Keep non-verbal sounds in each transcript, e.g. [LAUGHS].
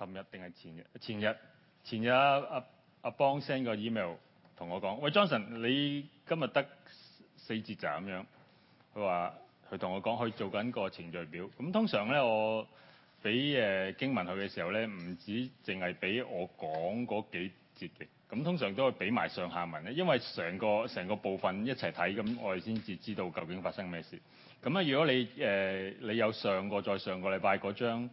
琴日定係前日？前日前日阿阿阿邦 send 個 email 同我講：喂，Johnson 你今日得四節咋咁樣？佢話佢同我講佢做緊個程序表。咁通常咧，我俾誒、呃、經文佢嘅時候咧，唔止淨係俾我講嗰幾節嘅。咁通常都會俾埋上下文咧，因為成個成個部分一齊睇，咁我哋先至知道究竟發生咩事。咁咧，如果你誒、呃、你有上個再上個禮拜嗰張？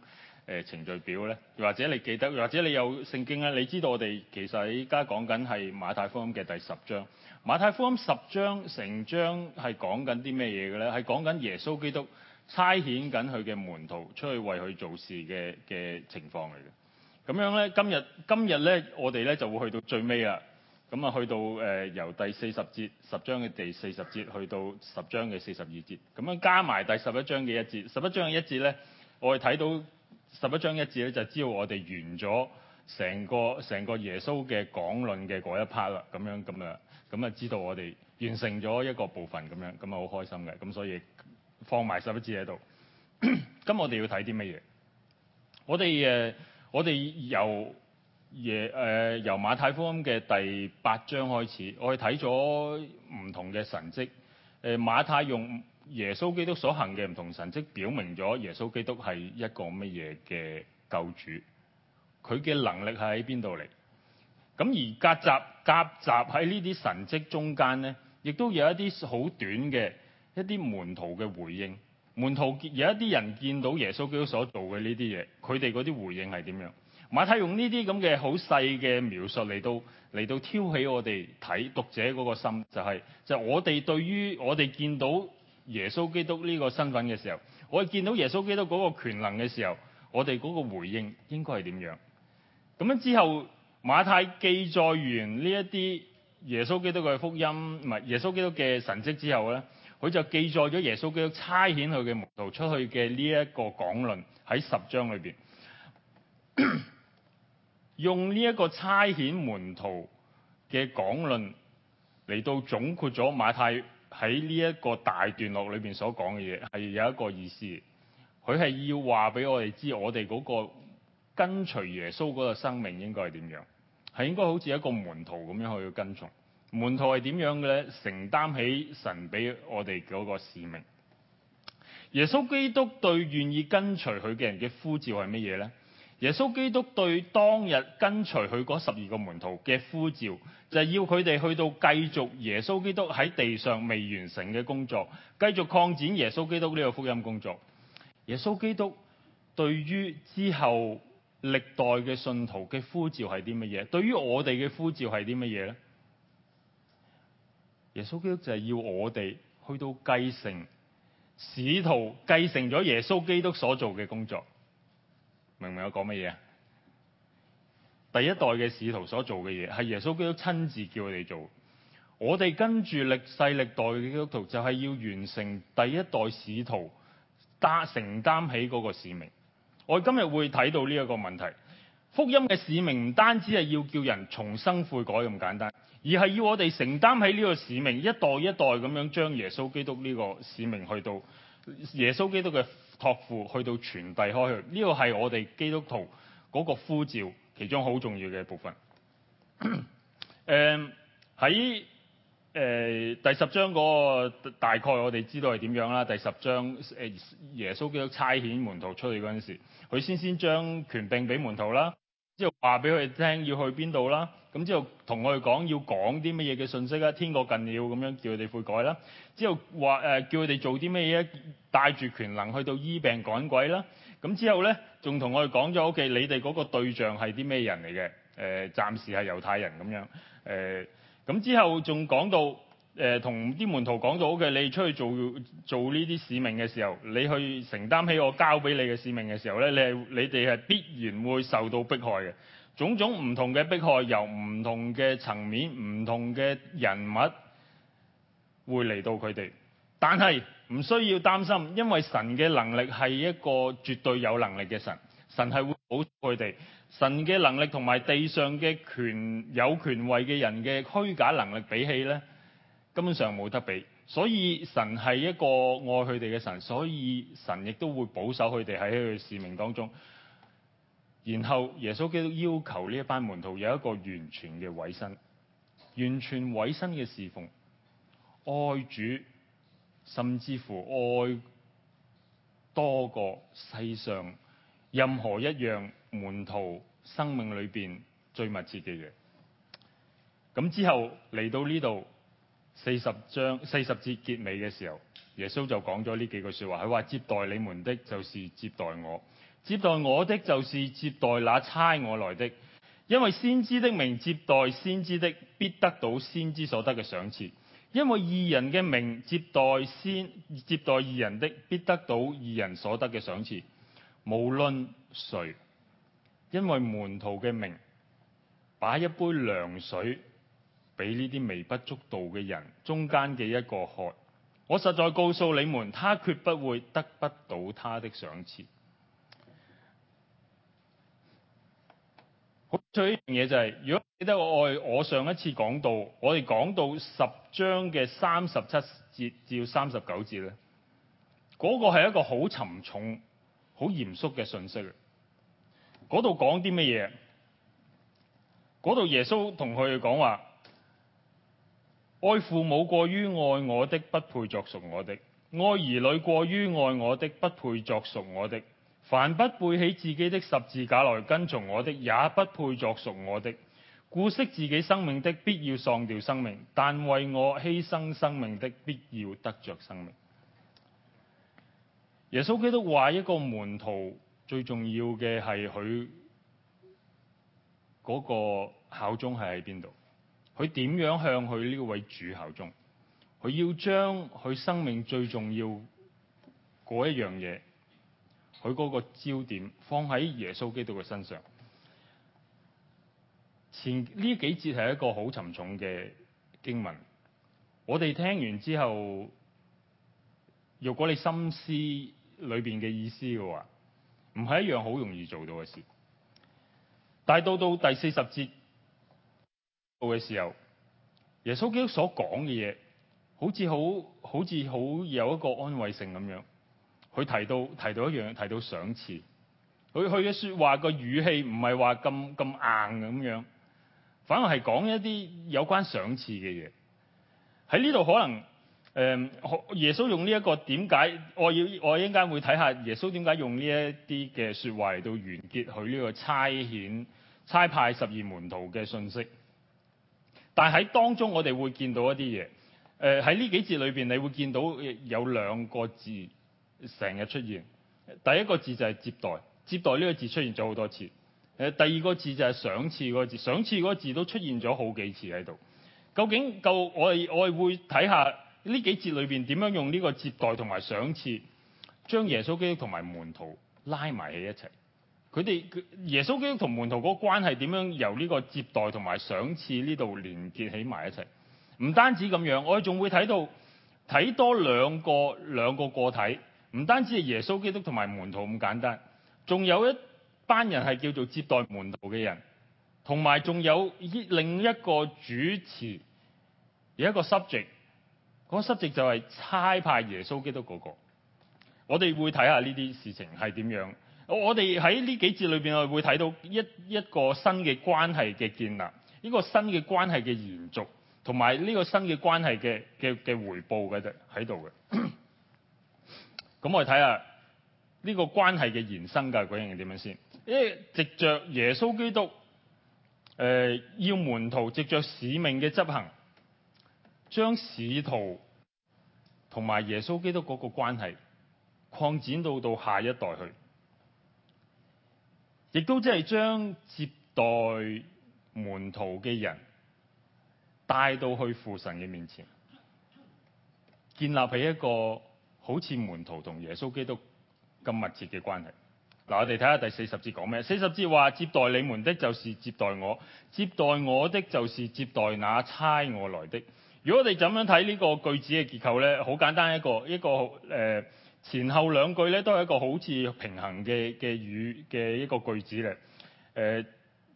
誒程序表咧，又或者你記得，又或者你有聖經咧，你知道我哋其實喺而家講緊係馬太福音嘅第十章。馬太福音十章成章係講緊啲咩嘢嘅咧？係講緊耶穌基督差遣緊佢嘅門徒出去為佢做事嘅嘅情況嚟嘅。咁樣咧，今日今日咧，我哋咧就會去到最尾啦。咁啊，去到、呃、由第四十節十章嘅第四十節去到十章嘅四十二節，咁樣加埋第十一章嘅一節，十一章嘅一節咧，我哋睇到。十一章一節咧，就知道我哋完咗成個成個耶穌嘅講論嘅嗰一 part 啦，咁樣咁啊，咁啊知道我哋完成咗一個部分咁樣，咁啊好開心嘅，咁所以放埋十一節喺度。咁 [COUGHS] 我哋要睇啲乜嘢？我哋誒，我哋由耶誒、呃、由馬太福音嘅第八章開始，我哋睇咗唔同嘅神蹟，誒、呃、馬太用。耶穌基督所行嘅唔同神蹟，表明咗耶穌基督係一個乜嘢嘅救主。佢嘅能力係喺邊度嚟？咁而夾雜夾雜喺呢啲神蹟中間咧，亦都有一啲好短嘅一啲門徒嘅回應。門徒有一啲人見到耶穌基督所做嘅呢啲嘢，佢哋嗰啲回應係點樣？馬太用呢啲咁嘅好細嘅描述嚟到嚟到挑起我哋睇讀者嗰個心，就係，就係，就我哋對於我哋見到。耶穌基督呢個身份嘅時候，我哋見到耶穌基督嗰個權能嘅時候，我哋嗰個回應應該係點樣？咁樣之後，馬太記載完呢一啲耶穌基督嘅福音，唔係耶穌基督嘅神跡之後咧，佢就記載咗耶穌基督差遣佢嘅門徒出去嘅呢一個講論喺十章裏邊，用呢一個差遣門徒嘅講論嚟到總括咗馬太。喺呢一個大段落裏邊所講嘅嘢係有一個意思，佢係要話俾我哋知，我哋嗰個跟隨耶穌嗰個生命應該係點樣，係應該好似一個門徒咁樣去要跟從，門徒係點樣嘅咧？承擔起神俾我哋嗰個使命。耶穌基督對願意跟隨佢嘅人嘅呼召係乜嘢咧？耶穌基督對當日跟隨佢嗰十二個門徒嘅呼召，就係要佢哋去到繼續耶穌基督喺地上未完成嘅工作，繼續擴展耶穌基督呢個福音工作。耶穌基督對於之後歷代嘅信徒嘅呼召係啲乜嘢？對於我哋嘅呼召係啲乜嘢呢？耶穌基督就係要我哋去到繼承，使徒繼承咗耶穌基督所做嘅工作。明唔明我講乜嘢？第一代嘅使徒所做嘅嘢，係耶穌基督親自叫我哋做。我哋跟住歷世歷代嘅基督徒，就係要完成第一代使徒擔承擔起嗰個使命。我今日會睇到呢一個問題：福音嘅使命唔單止係要叫人重生悔改咁簡單，而係要我哋承擔起呢個使命，一代一代咁樣將耶穌基督呢個使命去到耶穌基督嘅託付去到傳遞開去，呢、這個係我哋基督徒嗰個呼召其中好重要嘅部分。誒喺誒第十章嗰個大概我哋知道係點樣啦。第十章誒、那個、耶穌基督差遣門徒出去嗰陣時候，佢先先將權柄俾門徒啦。之後話俾佢哋聽要去邊度啦，咁之後同我哋講要講啲乜嘢嘅信息啊，天國近了咁樣叫佢哋悔改啦。之後話誒叫佢哋做啲乜嘢咧，帶住權能去到醫病趕鬼啦。咁之後咧仲同我哋講咗，OK，你哋嗰個對象係啲咩人嚟嘅？誒，暫時係猶太人咁樣。誒，咁之後仲講到。同、呃、啲門徒講到嘅，你出去做做呢啲使命嘅時候，你去承擔起我交俾你嘅使命嘅時候咧，你係你哋係必然會受到迫害嘅，種種唔同嘅迫害由唔同嘅層面、唔同嘅人物會嚟到佢哋。但係唔需要擔心，因為神嘅能力係一個絕對有能力嘅神，神係會保佢哋。神嘅能力同埋地上嘅權有權位嘅人嘅虛假能力比起咧，根本上冇得比，所以神係一個愛佢哋嘅神，所以神亦都會保守佢哋喺佢嘅使命當中。然後耶穌基督要求呢一班門徒有一個完全嘅委身，完全委身嘅侍奉，愛主，甚至乎愛多過世上任何一樣門徒生命裏邊最密切嘅嘢。咁之後嚟到呢度。四十章四十節結尾嘅時候，耶穌就講咗呢幾句說話。佢話，接待你們的，就是接待我；接待我的，就是接待那差我來的。因為先知的名接待先知的，必得到先知所得嘅賞賜；因為義人嘅名接待先接待義人的，必得到義人所得嘅賞賜。無論誰，因為門徒嘅名，把一杯涼水。俾呢啲微不足道嘅人中間嘅一個喝，我實在告訴你們，他決不會得不到他的賞賜。好，最一樣嘢就係、是，如果記得我我上一次講到，我哋講到十章嘅三十七節至到三十九節咧，嗰、那個係一個好沉重、好嚴肅嘅信息。嗰度講啲乜嘢？嗰度耶穌同佢哋講話。愛父母過於愛我的，不配作屬我的；愛兒女過於愛我的，不配作屬我的。凡不背起自己的十字架來跟從我的，也不配作屬我的。顧惜自己生命的，必要喪掉生命；但為我犧牲生命的，必要得着生命。耶穌基督話：一個門徒最重要嘅係佢個效忠係喺邊度？佢點樣向佢呢位主效忠？佢要將佢生命最重要嗰一樣嘢，佢嗰個焦點放喺耶穌基督嘅身上。前呢幾節係一個好沉重嘅經文，我哋聽完之後，如果你心思裏邊嘅意思嘅話，唔係一樣好容易做到嘅事。但係到到第四十節嘅時候，耶穌基督所講嘅嘢好似好好似好有一個安慰性咁樣。佢提到提到一樣提到賞賜，佢佢嘅說話個語氣唔係話咁咁硬咁樣，反而係講一啲有關賞賜嘅嘢喺呢度。可能誒、嗯，耶穌用呢一個點解？我要我應該會睇下耶穌點解用呢一啲嘅說話嚟到完結佢呢個差遣差派十二門徒嘅信息。但喺當中我哋會見到一啲嘢，誒喺呢幾節裏邊，你會見到有兩個字成日出現。第一個字就係接待，接待呢個字出現咗好多次。誒、呃、第二個字就係賞賜嗰個字，賞賜嗰個字都出現咗好幾次喺度。究竟夠我哋我哋會睇下呢幾節裏邊點樣用呢個接待同埋賞賜，將耶穌基督同埋門徒拉埋喺一齊。佢哋耶穌基督同門徒個關係點樣由呢個接待同埋賞賜呢度連結起埋一齊。唔單止咁樣，我哋仲會睇到睇多兩個兩個個體，唔單止係耶穌基督同埋門徒咁簡單，仲有一班人係叫做接待門徒嘅人，同埋仲有另一個主持有一個 subject，嗰 subject 就係差派耶穌基督嗰個，我哋會睇下呢啲事情係點樣。我我哋喺呢幾節裏邊，我哋會睇到一一個新嘅關係嘅建立，呢個新嘅關係嘅延續，同埋呢個新嘅關係嘅嘅嘅回報嘅啫，喺度嘅。咁 [COUGHS] 我哋睇下呢個關係嘅延伸究竟係點樣先？因為藉着耶穌基督，誒、呃、要門徒藉着使命嘅執行，將使徒同埋耶穌基督嗰個關係擴展到到下一代去。亦都即係將接待門徒嘅人帶到去父神嘅面前，建立起一個好似門徒同耶穌基督咁密切嘅關係。嗱，我哋睇下第四十節講咩？四十節話：接待你們的，就是接待我；接待我的，就是接待那差我來的。如果我哋怎樣睇呢個句子嘅結構咧，好簡單一個一個、呃前後兩句咧都係一個好似平衡嘅嘅語嘅一個句子嚟、呃。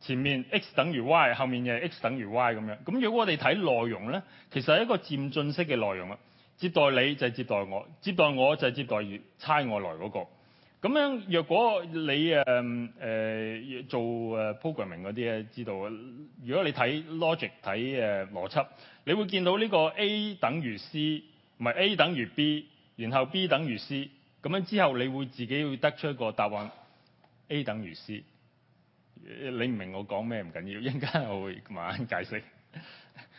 前面 X 等於 Y，後面嘅 X 等於 Y 咁樣。咁如果我哋睇內容咧，其實係一個漸進式嘅內容啊。接待你就係接待我，接待我就係接待差我來嗰個。咁樣若果你誒做 programming 嗰啲咧，知道啊。如果你睇、呃呃、logic 睇誒、呃、邏輯，你會見到呢個 A 等於 C 唔係 A 等於 B。A=B, 然後 B 等於 C，咁樣之後你會自己會得出一個答案 A 等於 C。你唔明我講咩唔緊要，一陣間我會慢慢解釋。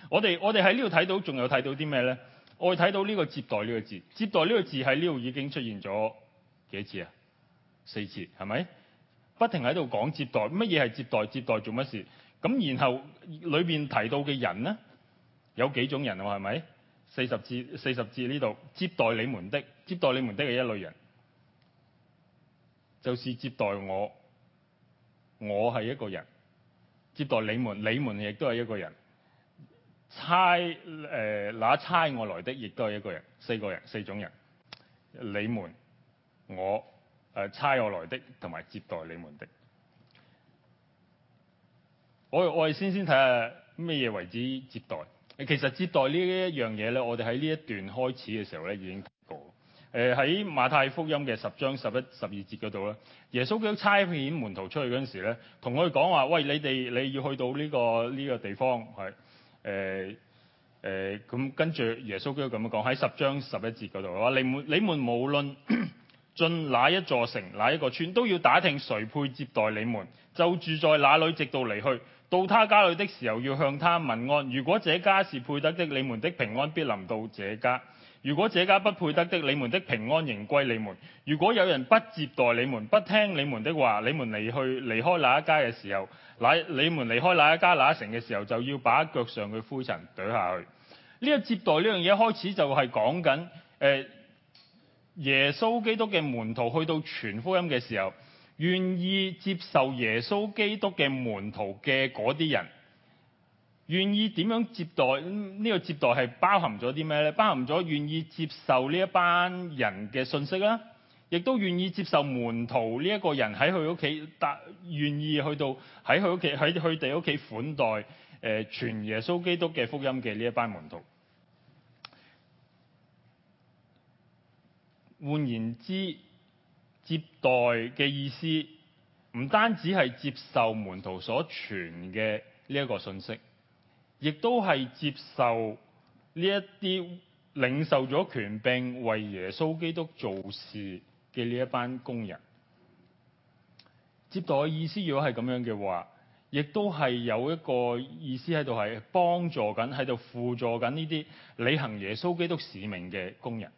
我哋我哋喺呢度睇到仲有睇到啲咩咧？我哋睇到呢個接待呢個字，接待呢個字喺呢度已經出現咗幾次啊？四次係咪？不停喺度講接待，乜嘢係接待？接待做乜事？咁然後裏面提到嘅人咧，有幾種人啊？係咪？四十字，四十字呢度接待你們的，接待你們的一類人，就是接待我，我係一個人，接待你們，你們亦都係一個人，差誒，那、呃、差我來的亦都係一個人，四個人，四種人，你們，我，誒、呃，差我來的，同埋接待你們的，我我哋先先睇下咩嘢為止接待。其實接待呢一樣嘢咧，我哋喺呢一段開始嘅時候咧，已經講過。誒、呃、喺馬太福音嘅十章十一、十二節嗰度咧，耶穌基督差遣門徒出去嗰時咧，同佢哋講話：，喂，你哋你要去到呢、這個呢、這個地方，係誒誒，咁、呃呃、跟住耶穌基督咁樣講喺十章十一節嗰度啊，你們你們無論進哪一座城、哪一個村，都要打聽誰配接待你們，就住在那裏，直到離去。到他家裏的時候，要向他問安。如果這家是配得的，你們的平安必臨到這家；如果這家不配得的，你們的平安仍歸你們。如果有人不接待你們，不聽你們的話，你們離去離開那一家嘅時候，那你們離開那一家那一城嘅時候，就要把腳上嘅灰塵跺下去。呢、這個接待呢樣嘢開始就係講緊，耶穌基督嘅門徒去到傳福音嘅時候。願意接受耶穌基督嘅門徒嘅嗰啲人，願意點樣接待呢、呢個接待係包含咗啲咩咧？包含咗願意接受呢一班人嘅信息啦，亦都願意接受門徒呢一個人喺佢屋企，願意去到喺佢屋企喺佢哋屋企款待誒傳、呃、耶穌基督嘅福音嘅呢一班門徒。換言之。接待嘅意思唔單止係接受門徒所傳嘅呢一個信息，亦都係接受呢一啲領受咗權柄為耶穌基督做事嘅呢一班工人。接待嘅意思如果係咁樣嘅話，亦都係有一個意思喺度係幫助緊喺度輔助緊呢啲履行耶穌基督使命嘅工人。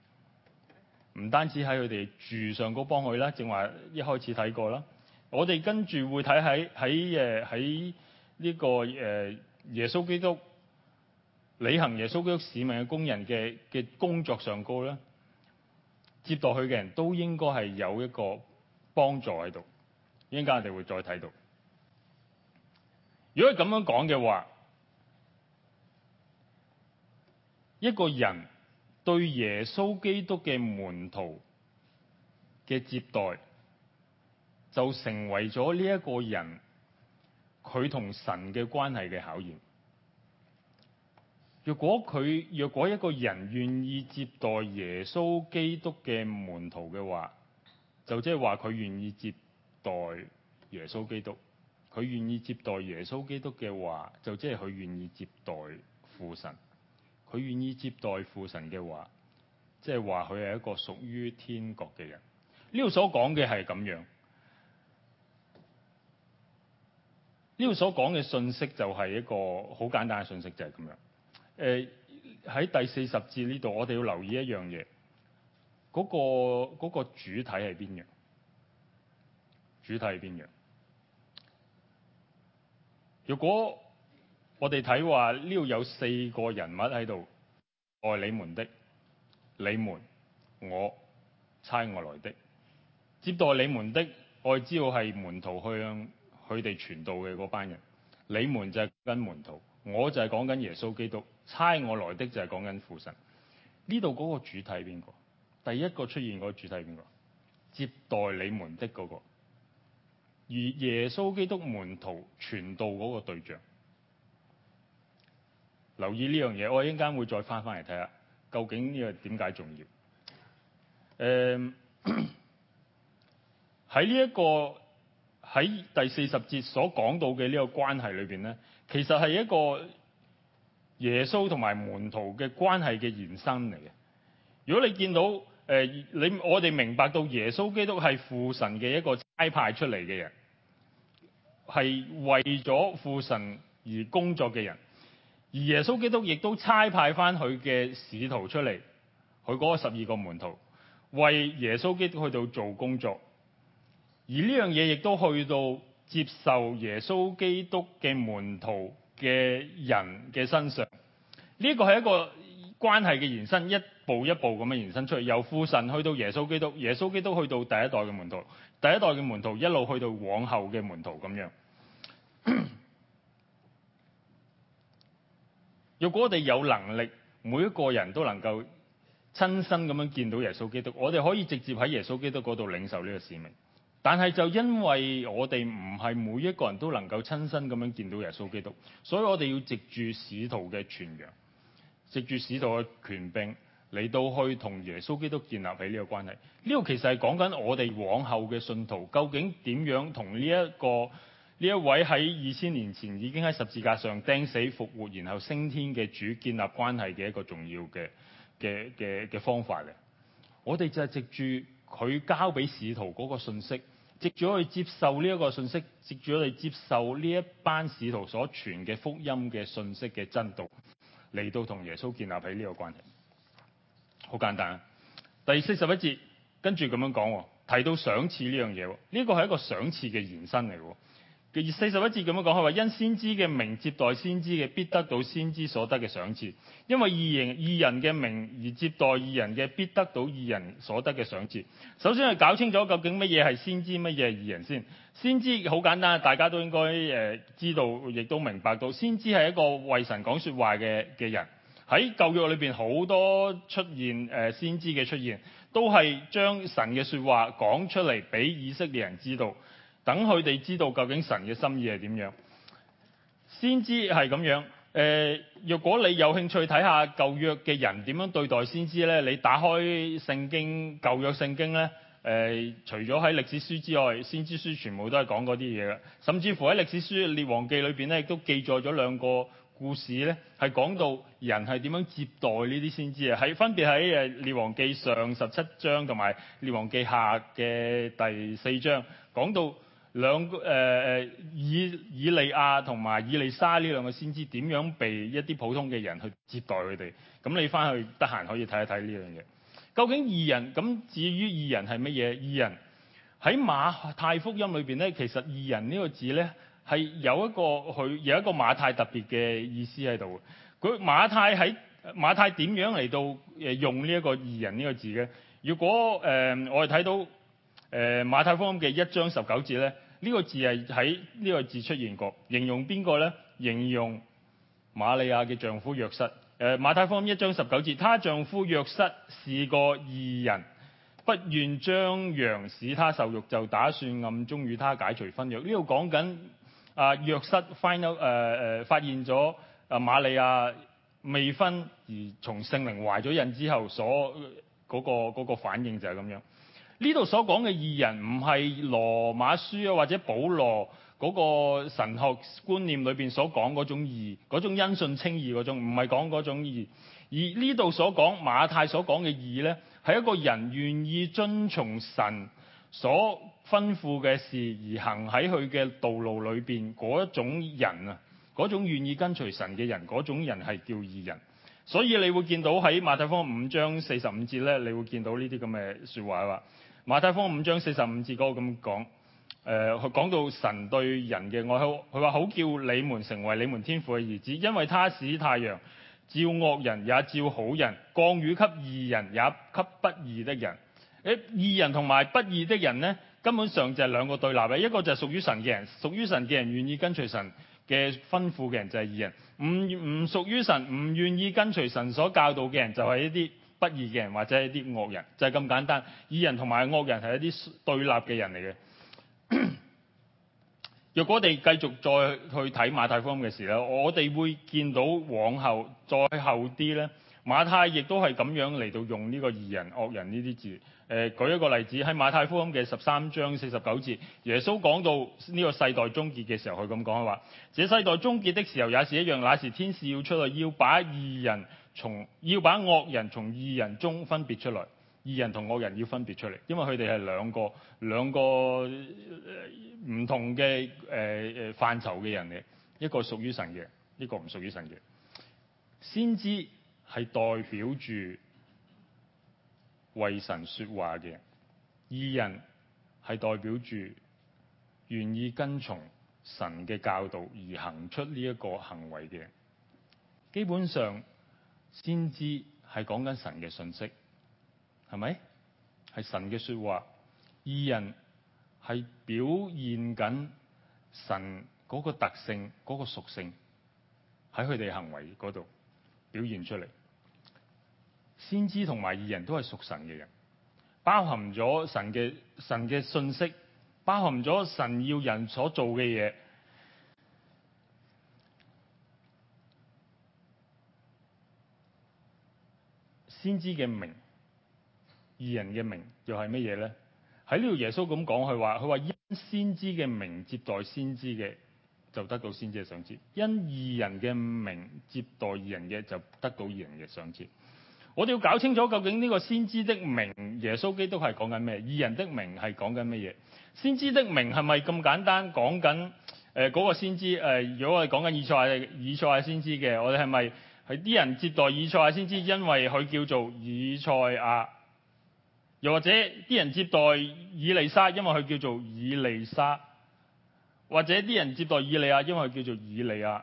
唔單止喺佢哋住上高幫佢啦，正話一開始睇過啦，我哋跟住會睇喺喺誒喺呢個誒耶穌基督履行耶穌基督使命嘅工人嘅嘅工作上高啦，接待佢嘅人都應該係有一個幫助喺度，一陣間我哋會再睇到。如果咁樣講嘅話，一個人。對耶穌基督嘅門徒嘅接待，就成為咗呢一個人佢同神嘅關係嘅考驗。如果佢若果一個人願意接待耶穌基督嘅門徒嘅話，就即係話佢願意接待耶穌基督。佢願意接待耶穌基督嘅話，就即係佢願意接待父神。佢願意接待父神嘅話，即係話佢係一個屬於天國嘅人。呢度所講嘅係咁樣，呢度所講嘅信息就係一個好簡單嘅信息，就係、是、咁樣。誒喺第四十節呢度，我哋要留意一樣嘢，嗰、嗰個嗰個主體係邊樣？主體係邊樣？如果我哋睇話呢度有四個人物喺度，愛你們的，你們，我，差我來的，接待你們的，我知道係門徒向佢哋傳道嘅嗰班人。你們就係跟門徒，我就係講緊耶穌基督，差我來的就係講緊父神。呢度嗰個主體係邊個？第一個出現嗰個主體係邊個？接待你們的嗰個，而耶穌基督門徒傳道嗰個對象。留意呢樣嘢，我一陣間會再翻翻嚟睇下，究竟呢個點解重要？誒、嗯，喺呢一個喺第四十節所講到嘅呢個關係裏邊咧，其實係一個耶穌同埋門徒嘅關係嘅延伸嚟嘅。如果你見到誒你我哋明白到耶穌基督係父神嘅一個差派出嚟嘅人，係為咗父神而工作嘅人。而耶穌基督亦都差派翻佢嘅使徒出嚟，佢嗰十二個門徒為耶穌基督去到做工作，而呢樣嘢亦都去到接受耶穌基督嘅門徒嘅人嘅身上。呢一個係一個關係嘅延伸，一步一步咁樣延伸出嚟，由父神去到耶穌基督，耶穌基督去到第一代嘅門徒，第一代嘅門徒一路去到往後嘅門徒咁樣。如果我哋有能力，每一個人都能夠親身咁樣見到耶穌基督，我哋可以直接喺耶穌基督嗰度領受呢個使命。但係就因為我哋唔係每一個人都能夠親身咁樣見到耶穌基督，所以我哋要藉住使徒嘅傳揚，藉住使徒嘅權柄嚟到去同耶穌基督建立起呢個關係。呢個其實係講緊我哋往後嘅信徒究竟點樣同呢一個。呢一位喺二千年前已經喺十字架上釘死復活，然後升天嘅主建立關係嘅一個重要嘅嘅嘅嘅方法嘅。我哋就係籍住佢交俾使徒嗰個信息，籍住我哋接受呢一個信息，籍住我哋接受呢一班使徒所傳嘅福音嘅信息嘅真道嚟到同耶穌建立起呢個關係，好簡單。啊，第四十一節跟住咁樣講，提到賞賜呢樣嘢，呢個係一個賞賜嘅延伸嚟。四十一節咁樣講，佢話：因先知嘅名接待先知嘅，必得到先知所得嘅賞賜。因為義人嘅名而接待義人嘅，必得到義人所得嘅賞賜。首先係搞清楚究竟乜嘢係先知，乜嘢係義人先。先知好簡單，大家都應該、呃、知道，亦都明白到，先知係一個為神講說話嘅嘅人。喺舊約裏面好多出現、呃、先知嘅出現，都係將神嘅說話講出嚟俾以色列人知道。等佢哋知道究竟神嘅心意係點樣，先知係咁樣。誒、呃，若果你有興趣睇下舊約嘅人點樣對待先知咧，你打開聖經舊約聖經咧，誒、呃，除咗喺歷史書之外，先知書全部都係講嗰啲嘢嘅，甚至乎喺歷史書列王記裏邊咧，亦都記載咗兩個故事咧，係講到人係點樣接待呢啲先知啊，喺分別喺誒列王記上十七章同埋列王記下嘅第四章講到。兩個誒、呃、以以利亞同埋以利沙呢兩個先知點樣被一啲普通嘅人去接待佢哋？咁你翻去得閒，可以睇一睇呢樣嘢。究竟義人，咁至於義人係乜嘢？義人喺馬太福音裏面咧，其實義人呢個字咧係，有一個佢有一個馬太特別嘅意思喺度。佢馬太喺馬太點樣嚟到用呢一個義人呢個字嘅？如果、呃、我哋睇到，誒、呃、馬太福音嘅一章十九節咧。呢、這個字係喺呢個字出現過，形容邊個咧？形容瑪利亞嘅丈夫約瑟。誒馬太福音一章十九節，她丈夫約瑟是個義人，不願張揚使他受辱，就打算暗中與他解除婚約。呢度講緊啊約瑟 final 誒誒發現咗啊瑪利亞未婚而從聖靈懷咗孕之後所、嗰個、嗰個反應就係咁樣。呢度所講嘅義人唔係羅馬書啊，或者保羅嗰個神學觀念裏面所講嗰種義，嗰種因信稱義嗰種，唔係講嗰種義。而呢度所講馬太所講嘅義呢，係一個人願意遵從神所吩咐嘅事而行喺佢嘅道路裏面。嗰一種人啊，嗰種願意跟隨神嘅人嗰種人係叫義人。所以你會見到喺馬太福音五章四十五節呢，你會見到呢啲咁嘅説話話馬太福音五章四十五節嗰個咁講，誒、呃、講到神對人嘅愛好，佢話好叫你們成為你們天父嘅兒子，因為他使太陽照惡人也照好人，降雨給義人也給不義的人。誒義人同埋不義的人咧，根本上就係兩個對立嘅，一個就係屬於神嘅人，屬於神嘅人願意跟隨神嘅吩咐嘅人就係義人，唔唔屬於神，唔願意跟隨神所教導嘅人就係一啲。不義嘅人或者一啲惡人，就係、是、咁簡單。義人同埋惡人係一啲對立嘅人嚟嘅。若 [COUGHS] 果我哋繼續再去睇馬太福音嘅時候，我哋會見到往後再後啲咧，馬太亦都係咁樣嚟到用呢、這個義人、惡人呢啲字。誒、呃，舉一個例子喺馬太福音嘅十三章四十九節，耶穌講到呢個世代終結嘅時候，佢咁講話：這世代終結的時候也是一樣，那時天使要出來要把義人。從要把惡人從義人中分別出來，義人同惡人要分別出嚟，因為佢哋係兩個兩個唔同嘅誒、呃、範疇嘅人嚟。一個屬於神嘅，一個唔屬於神嘅，先知係代表住為神說話嘅，義人係代表住願意跟從神嘅教導而行出呢一個行為嘅，基本上。先知係講緊神嘅信息，係咪？係神嘅說話。義人係表現緊神個特性、嗰個屬性喺佢哋行為度表現出嚟。先知同埋義人都係屬神嘅人，包含咗神嘅神嘅信息，包含咗神要人所做嘅嘢。先知嘅名，二人嘅名又係乜嘢咧？喺呢度耶穌咁講佢話，佢話因先知嘅名接待先知嘅，就得到先知嘅賞賜；因二人嘅名接待二人嘅，就得到二人嘅賞賜。我哋要搞清楚究竟呢個先知的名，耶穌基督係講緊咩？二人的名係講緊乜嘢？先知的名係咪咁簡單講緊？誒、呃嗰個先知？誒、呃、如果我哋講緊以賽以賽先知嘅，我哋係咪？係啲人接待以賽亞先知，因為佢叫做以賽亞；又或者啲人接待以利沙，因為佢叫做以利沙；或者啲人接待以利亞，因為佢叫做以利亞。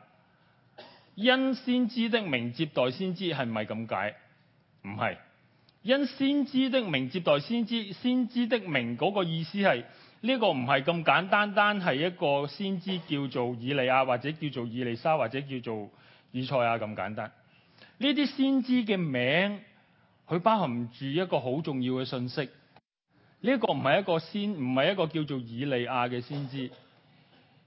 因先知的名接待先知係唔係咁解？唔係。因先知的名接待先知，先知的名嗰個意思係呢個唔係咁簡單，單係一個先知叫做以利亞，或者叫做以利沙，或者叫做以賽亞咁簡單，呢啲先知嘅名佢包含住一個好重要嘅信息。呢個唔係一個先，唔係一個叫做以利亞嘅先知，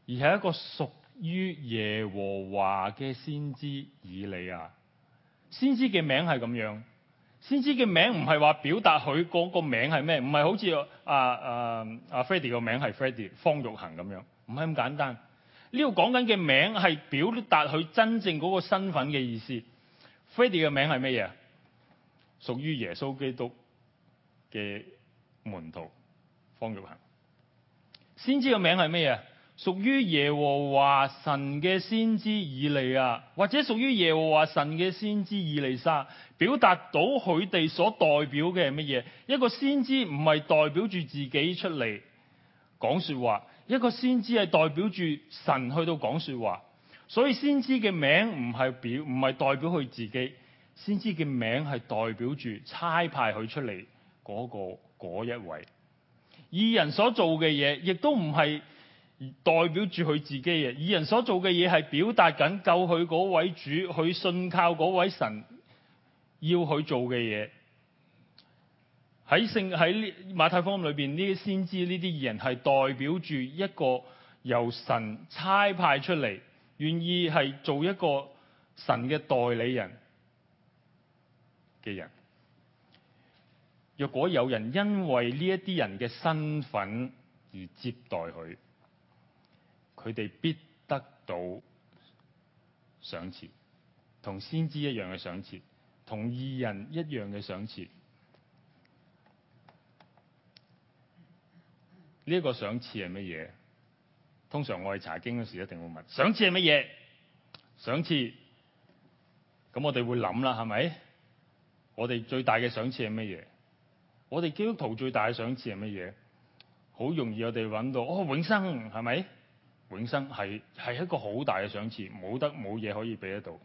而係一個屬於耶和華嘅先知以利亞。先知嘅名係咁樣，先知嘅名唔係話表達佢嗰個名係咩，唔係好似啊阿阿、啊啊、Freddy 個名係 Freddy 方玉恆咁樣，唔係咁簡單。呢度講緊嘅名係表達佢真正嗰個身份嘅意思。Freddy 嘅名係乜嘢？屬於耶穌基督嘅門徒方玉恒。先知嘅名係乜嘢？屬於耶和華神嘅先知以利亞，或者屬於耶和華神嘅先知以利沙，表達到佢哋所代表嘅係乜嘢？一個先知唔係代表住自己出嚟講說話。一個先知係代表住神去到講說話，所以先知嘅名唔係表，唔係代表佢自己。先知嘅名係代表住差派佢出嚟嗰個嗰一位。二人所做嘅嘢，亦都唔係代表住佢自己嘅。二人所做嘅嘢係表達緊救佢位主，去信靠嗰位神要佢做嘅嘢。喺聖喺呢馬太福音裏邊，呢啲先知、呢啲義人，係代表住一個由神差派出嚟，願意係做一個神嘅代理人嘅人。若果有人因為呢一啲人嘅身份而接待佢，佢哋必得到賞賜，同先知一樣嘅賞賜，同義人一樣嘅賞賜。呢、這、一個賞賜係乜嘢？通常我哋查經嗰時候一定會問賞賜係乜嘢？賞賜咁，我哋會諗啦，係咪？我哋最大嘅賞賜係乜嘢？我哋基督徒最大嘅賞賜係乜嘢？好容易我們找，我哋揾到哦，永生係咪？永生係係一個好大嘅賞賜，冇得冇嘢可以俾得到。誒、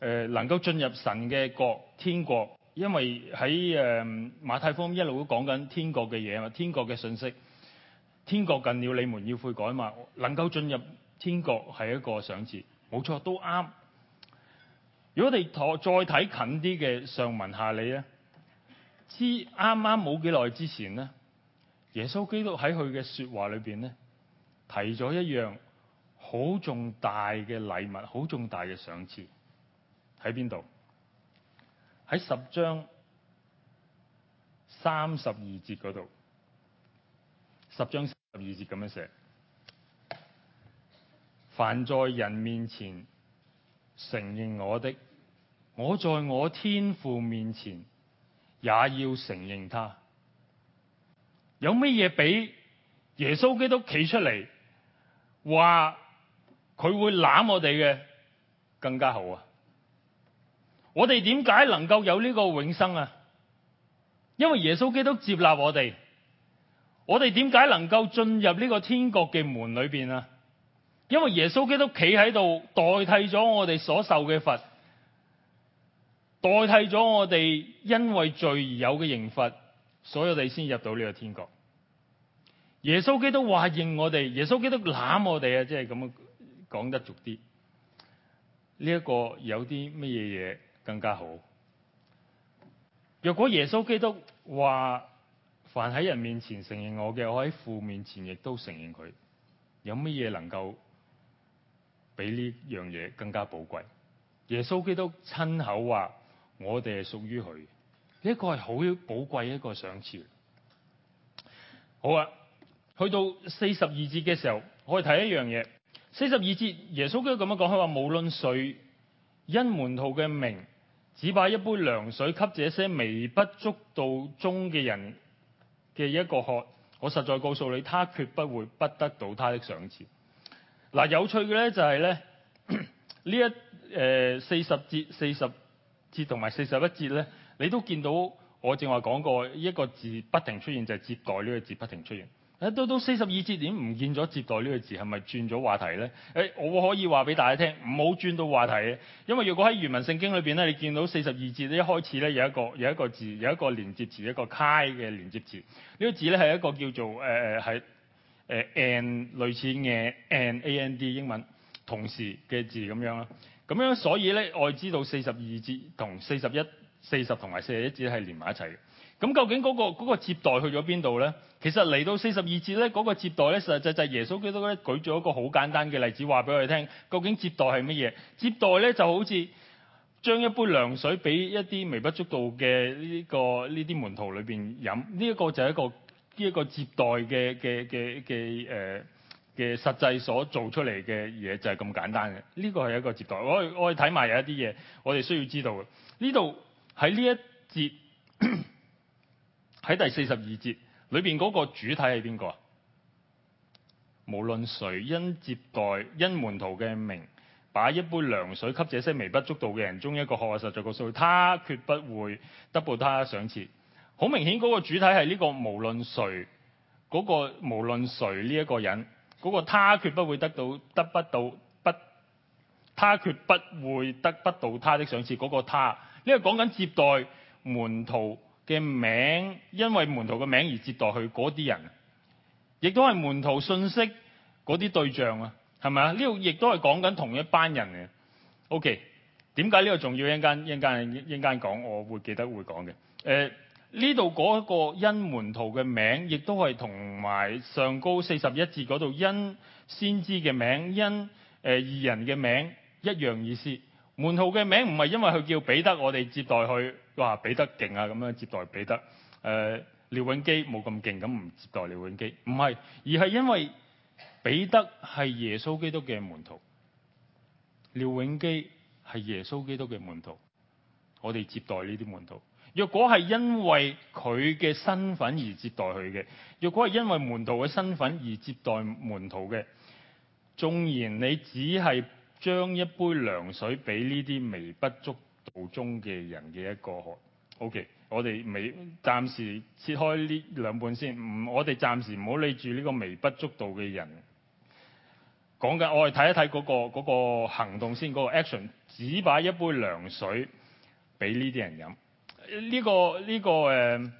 呃，能夠進入神嘅國天國，因為喺誒、呃、馬太福音一路都講緊天國嘅嘢啊嘛，天國嘅信息。天國近了，你們要悔改嘛？能夠進入天國係一個賞賜，冇錯，都啱。如果我哋再睇近啲嘅上文下理咧，知啱啱冇幾耐之前咧，耶穌基督喺佢嘅說話裏邊咧，提咗一樣好重大嘅禮物，好重大嘅賞賜，喺邊度？喺十章三十二節度。十章十二節咁樣寫，凡在人面前承認我的，我在我天父面前也要承認他。有咩嘢畀耶穌基督企出嚟話佢會攬我哋嘅更加好啊？我哋點解能夠有呢個永生啊？因為耶穌基督接納我哋。我哋點解能夠進入呢個天國嘅門裏邊啊？因為耶穌基督企喺度代替咗我哋所受嘅罰，代替咗我哋因為罪而有嘅刑罰，所以我哋先入到呢個天國。耶穌基督話認我哋，耶穌基督攬我哋啊，即係咁講得俗啲。呢一個有啲乜嘢嘢更加好？若果耶穌基督話。凡喺人面前承認我嘅，我喺父面前亦都承認佢。有乜嘢能夠比呢樣嘢更加寶貴？耶穌基督親口話：我哋係屬於佢嘅，呢一個係好寶貴一個賞賜。好啊，去到四十二節嘅時候，我哋睇一樣嘢。四十二節耶穌基督咁樣講：佢話無論誰因門徒嘅名只把一杯涼水給這些微不足道中嘅人，嘅一個喝，我實在告訴你，他決不會不得到他的賞賜。嗱，有趣嘅咧就係、是、咧，這一呃、呢一誒四十節、四十節同埋四十一節咧，你都見到我正話講過一個字不停出現，就係接待呢個字不停出現。就是誒到到四十二節點唔見咗接待呢個字，係咪轉咗話題咧？誒我可以話俾大家聽唔好轉到話題啊，因為如果喺原文聖經裏邊咧，你見到四十二節咧一開始咧有一個有一個字有一個連接詞一個 k 嘅連接字，呢、這個字咧係一個叫做誒係誒 and 類似嘅 and a n d 英文同時嘅字咁樣啦，咁樣所以咧我知道四十二節同四十一四十同埋四十一節係連埋一齊嘅。咁究竟嗰個嗰個接待去咗邊度咧？其實嚟到四十二節咧，嗰個接待咧，實際就係耶穌基督咧舉咗一個好簡單嘅例子，話俾我哋聽，究竟接待係乜嘢？接待咧就好似將一杯涼水俾一啲微不足道嘅呢個呢啲門徒裏邊飲，呢一個就係一個呢一個接待嘅嘅嘅嘅嘅實際所做出嚟嘅嘢就係咁簡單嘅。呢個係一個接待，我我哋睇埋有一啲嘢，我哋需要知道嘅。呢度喺呢一節。喺第四十二節裏面嗰個主體係邊個啊？無論誰因接待因門徒嘅名，把一杯涼水給這些微不足道嘅人中一個學，我實在告訴你，他決不，不，這個那個那個、不會得到他嘅賞賜。好明顯嗰個主體係呢個無論誰，嗰個無論誰呢一個人嗰個他決不會得到得不到不他決不會得不到他的賞賜嗰個他，呢個講緊接待門徒嘅名，因為門徒嘅名而接待佢嗰啲人，亦都係門徒信息嗰啲對象啊，係咪啊？呢度亦都係講緊同一班人嘅。OK，點解呢個重要一？一間一間一間講，我會記得會講嘅。呢度嗰個因門徒嘅名，亦都係同埋上高四十一節嗰度因先知嘅名，因、呃、二人嘅名一樣意思。門徒嘅名唔係因為佢叫彼得我，我哋接待佢。話彼得勁啊，咁樣接待彼得。誒、呃，廖永基冇咁勁，咁唔接待廖永基。唔係，而係因為彼得係耶穌基督嘅門徒，廖永基係耶穌基督嘅門徒。我哋接待呢啲門徒。若果係因為佢嘅身份而接待佢嘅，若果係因為門徒嘅身份而接待門徒嘅，縱然你只係將一杯涼水俾呢啲微不足道道中嘅人嘅一個汗。O.K. 我哋未暫時切開呢兩半先。唔，我哋暫時唔好理住呢個微不足道嘅人。講緊，我哋睇一睇嗰、那個嗰、那個行動先。嗰、那個 action 只把一杯涼水俾呢啲人飲。呢、這個呢、這個誒誒、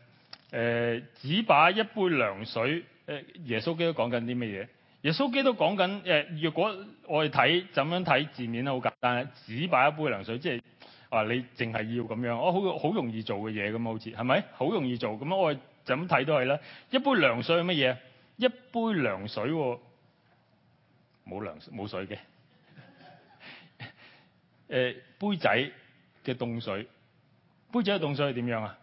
呃、只把一杯涼水誒。耶穌基督講緊啲乜嘢？耶穌基督講緊誒，若、呃、果我哋睇，怎樣睇字面好簡單，咧，只把一杯涼水，即係。啊！你淨係要咁樣，我好好，好容易做嘅嘢咁好似係咪好容易做咁啊？我就咁睇到係啦。一杯涼水係乜嘢？一杯涼水冇、哦、涼冇水嘅誒、呃、杯仔嘅凍水，杯仔嘅凍水係點樣啊？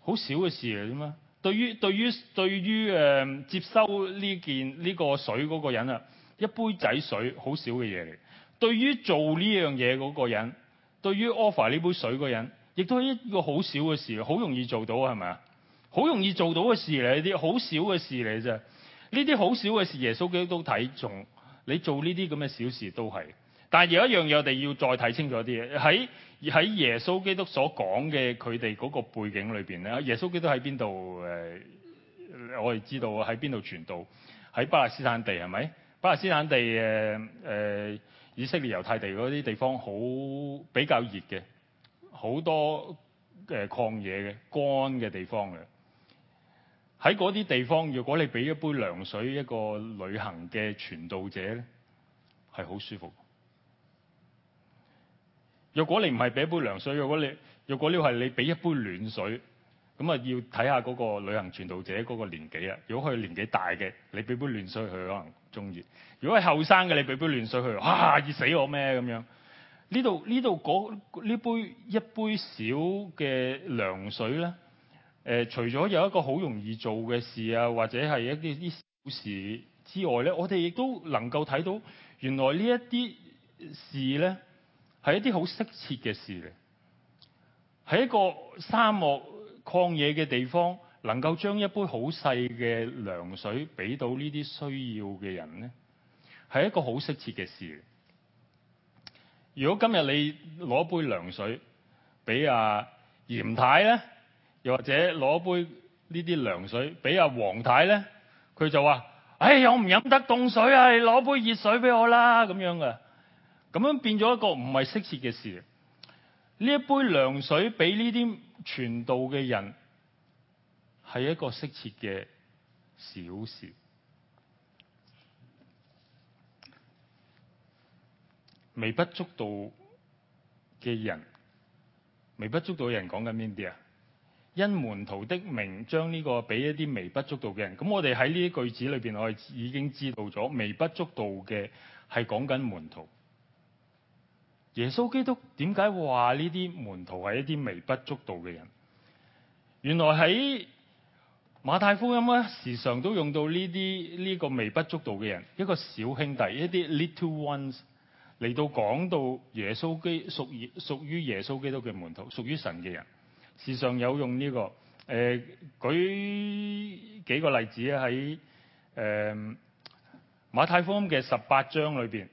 好少嘅事嚟啫嘛。對於對於對於誒、嗯、接收呢件呢、這個水嗰個人啊，一杯仔水好少嘅嘢嚟。對於做呢樣嘢嗰個人。對於 offer 呢杯水嗰人，亦都係一個好少嘅事，好容易做到係咪啊？好容易做到嘅事嚟，啲好少嘅事嚟啫。呢啲好少嘅事，耶穌基督都睇重。你做呢啲咁嘅小事都係。但係有一樣嘢我哋要再睇清楚啲，喺喺耶穌基督所講嘅佢哋嗰個背景裏邊咧，耶穌基督喺邊度誒？我哋知道喺邊度傳道？喺巴勒斯坦地係咪？巴勒斯坦地、呃呃以色列猶太地嗰啲地方好比較熱嘅，好多誒曠野嘅乾嘅地方嘅。喺嗰啲地方，如果你俾一杯涼水，一個旅行嘅傳道者咧，係好舒服。若果你唔係俾一杯涼水，如果你若果呢係你俾一杯暖水。咁啊，要睇下嗰個旅行傳道者嗰個年紀啊。如果佢年紀大嘅，你俾杯暖水佢，可能中意；如果係後生嘅，你俾杯暖水佢，啊熱死我咩咁樣？呢度呢度嗰呢杯一杯小嘅涼水咧，誒、呃、除咗有一個好容易做嘅事啊，或者係一啲啲小事之外咧，我哋亦都能夠睇到，原來呢一啲事咧係一啲好適切嘅事嚟，係一個沙漠。曠野嘅地方，能夠將一杯好細嘅涼水俾到呢啲需要嘅人呢，係一個好適切嘅事。如果今日你攞一杯涼水俾阿嚴太呢，又或者攞一杯呢啲涼水俾阿黃太呢，佢就話，哎，我唔飲得凍水啊，你攞杯熱水俾我啦，咁樣嘅，咁樣變咗一個唔係適切嘅事。呢一杯涼水俾呢啲傳道嘅人，係一個適切嘅小事。微不足道嘅人，微不足道嘅人講緊邊啲啊？因門徒的名將呢個俾一啲微不足道嘅人。咁我哋喺呢啲句子裏邊，我哋已經知道咗微不足道嘅係講緊門徒。耶穌基督點解話呢啲門徒係一啲微不足道嘅人？原來喺馬太福音咧，時常都用到呢啲呢個微不足道嘅人，一個小兄弟，一啲 little ones 嚟到講到耶穌基督屬於屬於耶穌基督嘅門徒，屬於神嘅人，時常有用呢、這個誒、呃，舉幾個例子喺誒、呃、馬太福音嘅十八章裏邊，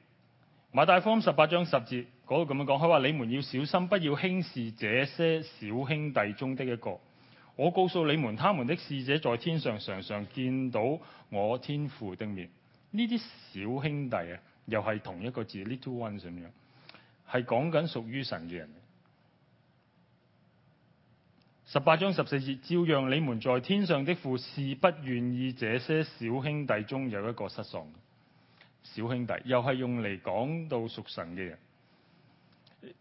馬太福音十八章十節。嗰度咁樣講，佢話，你們要小心，不要輕視這些小兄弟中的一個。我告訴你們，他們的使者在天上常常見到我天父的面。呢啲小兄弟啊，又係同一個字，little one 上面係講緊屬於神嘅人。十八章十四節，照樣你們在天上的父是不願意這些小兄弟中有一個失喪嘅。小兄弟又係用嚟講到屬神嘅人。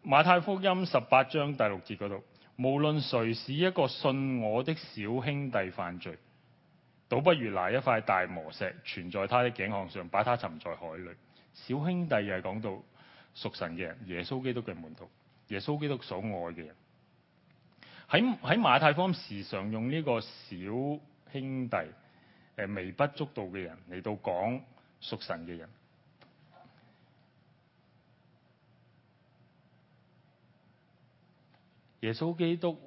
馬太福音十八章第六節嗰度，無論誰是一個信我的小兄弟犯罪，倒不如拿一塊大磨石，存在他的頸項上，把他沉在海裏。小兄弟又係講到屬神嘅人，耶穌基督嘅門徒，耶穌基督所愛嘅人。喺喺馬太福音時常用呢個小兄弟、微不足道嘅人嚟到講屬神嘅人。耶穌基督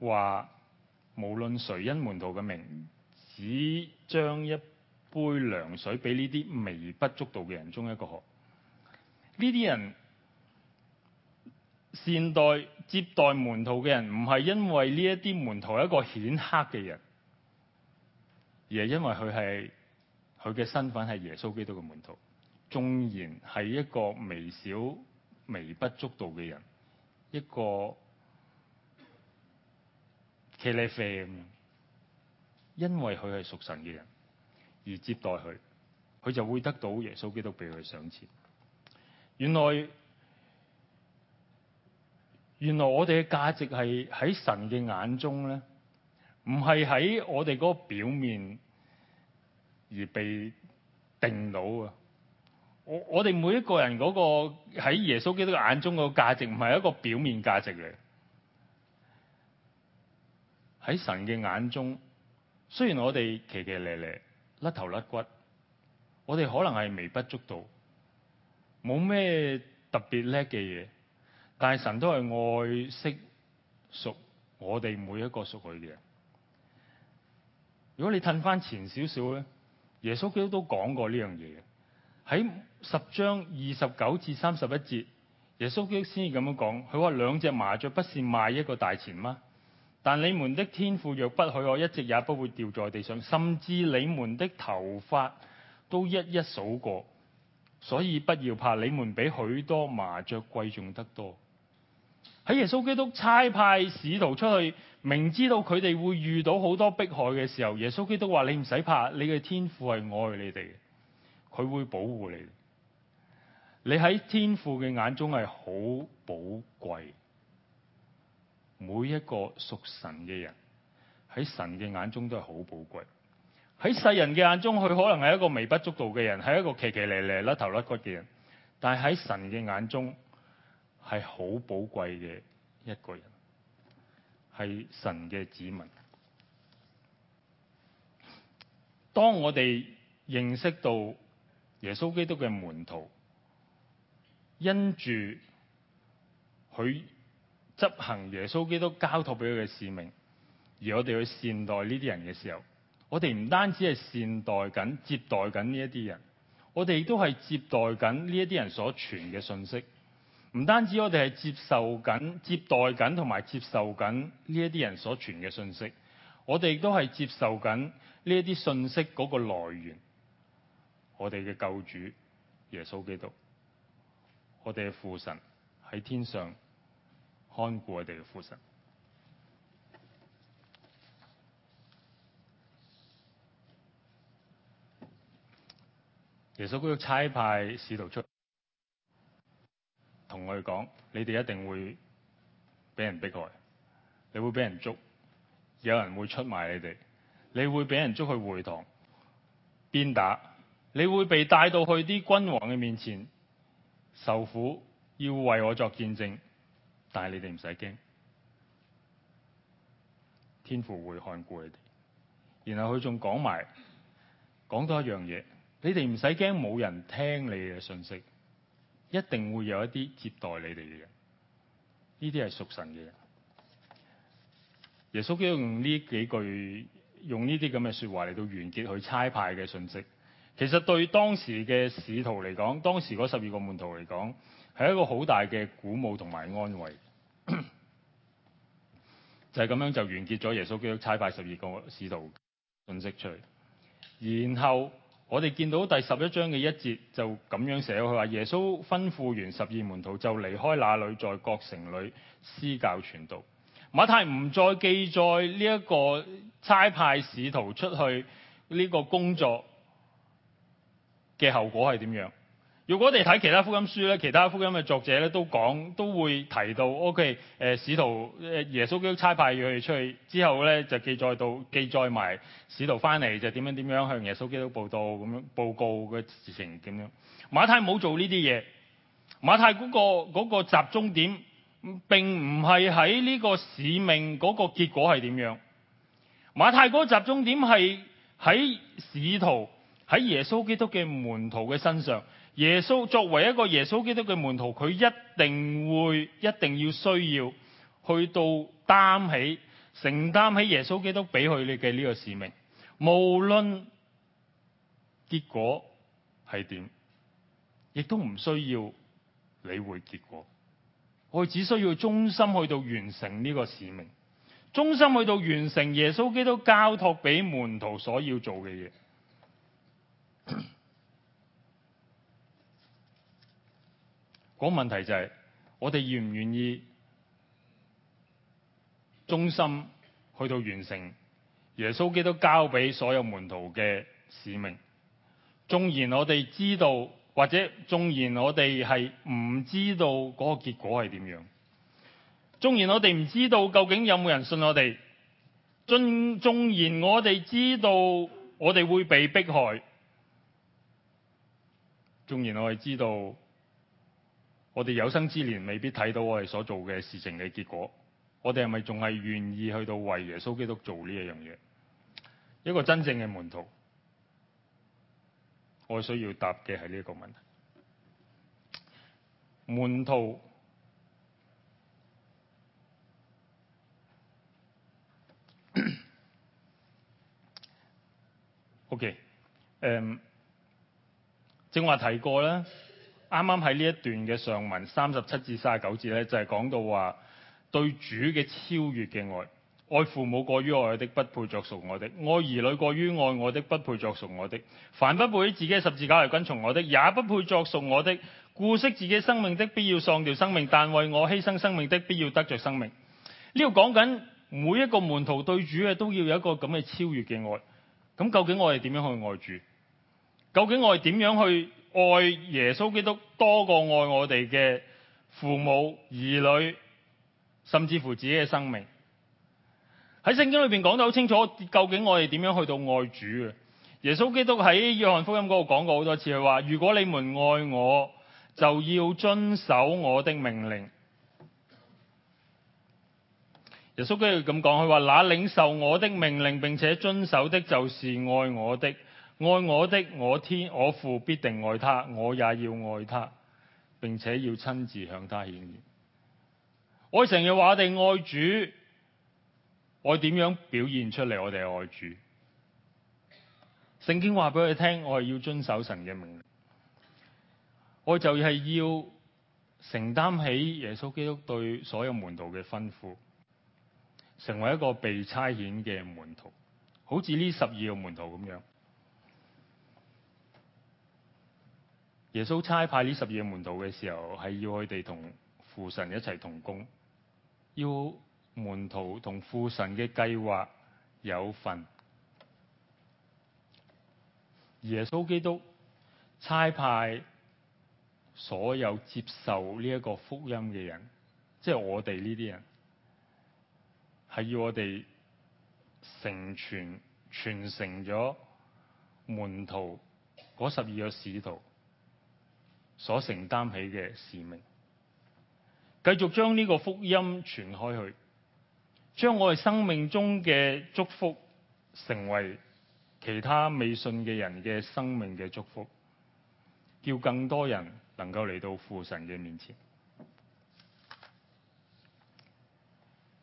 話：無論誰因門徒嘅名只將一杯涼水俾呢啲微不足道嘅人中一個喝，呢啲人善待接待門徒嘅人，唔係因為呢一啲門徒係一個顯赫嘅人，而係因為佢係佢嘅身份係耶穌基督嘅門徒，縱然係一個微小、微不足道嘅人。一個茄喱啡，因為佢係屬神嘅人而接待佢，佢就會得到耶穌基督俾佢上前。原來，原來我哋嘅價值係喺神嘅眼中咧，唔係喺我哋嗰個表面而被定到啊！我我哋每一個人嗰個喺耶穌基督眼中個價值唔係一個表面價值嚟。喺神嘅眼中，雖然我哋騎騎咧咧、甩頭甩骨，我哋可能係微不足道，冇咩特別叻嘅嘢，但係神都係愛惜屬我哋每一個屬佢嘅。如果你褪翻前少少咧，耶穌基督都講過呢樣嘢。喺十章二十九至三十一節，耶穌基督先至咁樣講，佢話，兩隻麻雀不是賣一個大錢嗎？但你們的天父若不許，我一直也不會掉在地上，甚至你們的頭髮都一一數過，所以不要怕，你們比許多麻雀貴重得多。喺耶穌基督差派使徒出去，明知道佢哋會遇到好多迫害嘅時候，耶穌基督話，你唔使怕，你嘅天父係愛你哋，佢會保護你，你喺天父嘅眼中係好寶貴，每一個屬神嘅人喺神嘅眼中都係好寶貴。喺世人嘅眼中，佢可能係一個微不足道嘅人，係一個奇奇咧咧甩頭甩骨嘅人，但係喺神嘅眼中係好寶貴嘅一個人，係神嘅子民。當我哋認識到。耶穌基督嘅門徒，因住佢執行耶穌基督交托俾佢嘅使命，而我哋去善待呢啲人嘅時候，我哋唔單止係善待緊、接待緊呢一啲人，我哋亦都係接待緊呢一啲人所傳嘅信息。唔單止我哋係接受緊、接待緊同埋接受緊呢一啲人所傳嘅信息，我哋亦都係接受緊呢一啲信息嗰個來源。我哋嘅救主耶穌基督，我哋嘅父神喺天上看顧我哋嘅父神。耶穌基督差派使徒出來，同我哋講：你哋一定會俾人迫害，你會俾人捉，有人會出賣你哋，你會俾人捉去會堂鞭打。你會被帶到去啲君王嘅面前受苦，要為我作見證。但係你哋唔使驚，天父會看顧你哋。然後佢仲講埋講多一樣嘢，你哋唔使驚冇人聽你嘅信息，一定會有一啲接待你哋嘅人。呢啲係屬神嘅人。耶穌用呢幾句，用呢啲咁嘅說話嚟到完結佢差派嘅信息。其實對當時嘅使徒嚟講，當時嗰十二個門徒嚟講，係一個好大嘅鼓舞同埋安慰。 [COUGHS] 就係咁樣就完結咗耶穌基督差派十二個使徒嘅信息出去。然後我哋見到第十一章嘅一節就咁樣寫，佢話耶穌吩咐完十二門徒就離開那裏，在各城裏施教傳道。馬太唔再記載呢一個差派使徒出去呢個工作，嘅後果係點樣？如果我哋睇其他福音書咧，其他福音嘅作者咧都講都會提到，OK，誒使徒誒耶穌基督差派佢哋出去之後咧，就記載到記載埋使徒翻嚟就點樣點樣向耶穌基督報道，咁樣報告嘅事情點樣？馬太冇做呢啲嘢，馬太嗰個嗰個集中點並唔係喺呢個使命嗰個結果係點樣？馬太嗰集中點係喺使徒。喺耶穌基督嘅門徒嘅身上，耶穌作為一個耶穌基督嘅門徒，佢一定會一定要需要去到擔起承擔起耶穌基督俾佢哋嘅呢個使命，無論結果係點，亦都唔需要理會結果，我只需要忠心去到完成呢個使命，忠心去到完成耶穌基督交託俾門徒所要做嘅嘢。嗰個問題就係我哋願唔願意忠心去到完成耶穌基督交俾所有門徒嘅使命。縱然我哋知道，或者縱然我哋係唔知道嗰個結果係點樣，縱然我哋唔知道究竟有冇人信我哋，盡縱然我哋知道我哋會被迫害。縱然我哋知道，我哋有生之年未必睇到我哋所做嘅事情嘅結果，我哋係咪仲係願意去到為耶穌基督做呢一樣嘢？一個真正嘅門徒，我需要答嘅係呢一個問題。門徒 [LAUGHS] ，OK，嗯、um,。正話提過啦，啱啱喺呢一段嘅上文三十七至三十九節咧，就係講到話對主嘅超越嘅愛，愛父母過於愛我的，不配作屬我的；愛兒女過於愛我的，不配作屬我的；凡不背自己十字架嚟跟從我的，也不配作屬我的；顧惜自己生命的，必要喪掉生命；但為我犧牲生命的，必要得着生命。呢度講緊每一個門徒對主嘅都要有一個咁嘅超越嘅愛。咁究竟我哋點樣去愛主？究竟我哋點樣去愛耶穌基督多過愛我哋嘅父母兒女，甚至乎自己嘅生命？喺聖經裏邊講得好清楚，究竟我哋點樣去到愛主？耶穌基督喺約翰福音嗰度講過好多次，佢話：如果你們愛我，就要遵守我的命令。耶穌基督咁講，佢話：那領受我的命令並且遵守的，就是愛我的。愛我的，我天我父必定愛他，我也要愛他，並且要親自向他顯現。我成日話，我哋愛主，我點樣表現出嚟？我哋愛主。聖經話俾佢聽，我係要遵守神嘅命令，我就係要承擔起耶穌基督對所有門徒嘅吩咐，成為一個被差遣嘅門徒，好似呢十二個門徒咁樣。耶穌差派呢十二個門徒嘅時候，係要佢哋同父神一齊同工，要門徒同父神嘅計劃有份。耶穌基督差派所有接受呢一個福音嘅人，即係我哋呢啲人，係要我哋成全傳，傳承咗門徒嗰十二個使徒所承擔起嘅使命，繼續將呢個福音傳開去，將我哋生命中嘅祝福，成為其他未信嘅人嘅生命嘅祝福，叫更多人能夠嚟到父神嘅面前。